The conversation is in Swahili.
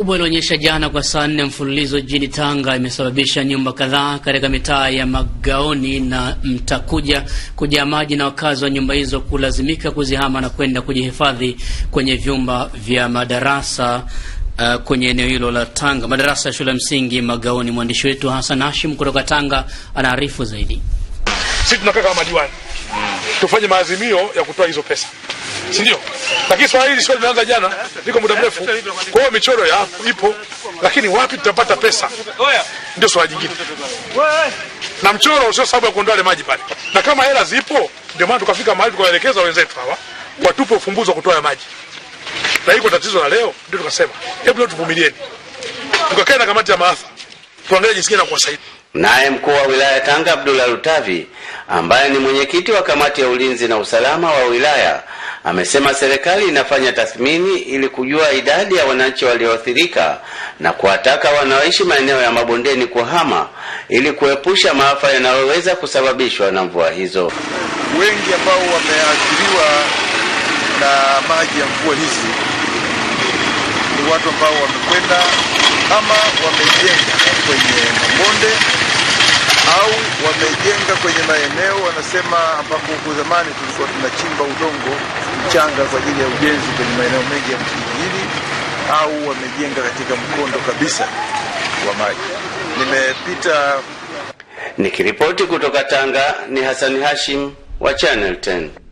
kubwa ilionyesha jana kwa saa nne mfululizo jijini Tanga imesababisha nyumba kadhaa katika mitaa ya Magaoni na Mtakuja kujaa maji na wakazi wa nyumba hizo kulazimika kuzihama na kwenda kujihifadhi kwenye vyumba vya madarasa uh, kwenye eneo hilo la Tanga, madarasa ya shule msingi Magaoni. Mwandishi wetu hasan Hashim kutoka Tanga anaarifu zaidi. Sisi tunakaa kama madiwani tufanye maazimio ya kutoa hizo pesa si ndio? Lakini swali hili sio limeanza jana, liko muda mrefu. Kwa hiyo michoro ya ipo, lakini wapi tutapata pesa? Ndio swali jingine, na mchoro sio sababu ya kuondoa maji pale. Na kama hela zipo, ndio maana tukafika mahali tukawaelekeza wenzetu hawa watupe ufumbuzi wa kutoa ya maji, na hiyo tatizo la leo. Ndio tukasema hebu leo tuvumilieni, tukakaa na kamati ya maafa tuangalie jinsi gani na kuwasaidia Naye mkuu wa wilaya Tanga Abdullah Lutavi ambaye ni mwenyekiti wa kamati ya ulinzi na usalama wa wilaya amesema serikali inafanya tathmini ili kujua idadi ya wananchi walioathirika na kuwataka wanaoishi maeneo ya mabondeni kuhama ili kuepusha maafa yanayoweza kusababishwa na mvua hizo. Wengi ambao wameathiriwa na maji ya mvua hizi ni watu ambao wamekwenda ama wamejenga kwenye mabonde wameijenga kwenye maeneo wanasema, ambapo huko zamani tulikuwa tunachimba udongo mchanga kwa ajili ya ujenzi kwenye maeneo mengi ya mjini, au wamejenga katika mkondo kabisa wa maji. Nimepita nikiripoti kutoka Tanga, ni Hassan Hashim wa Channel 10.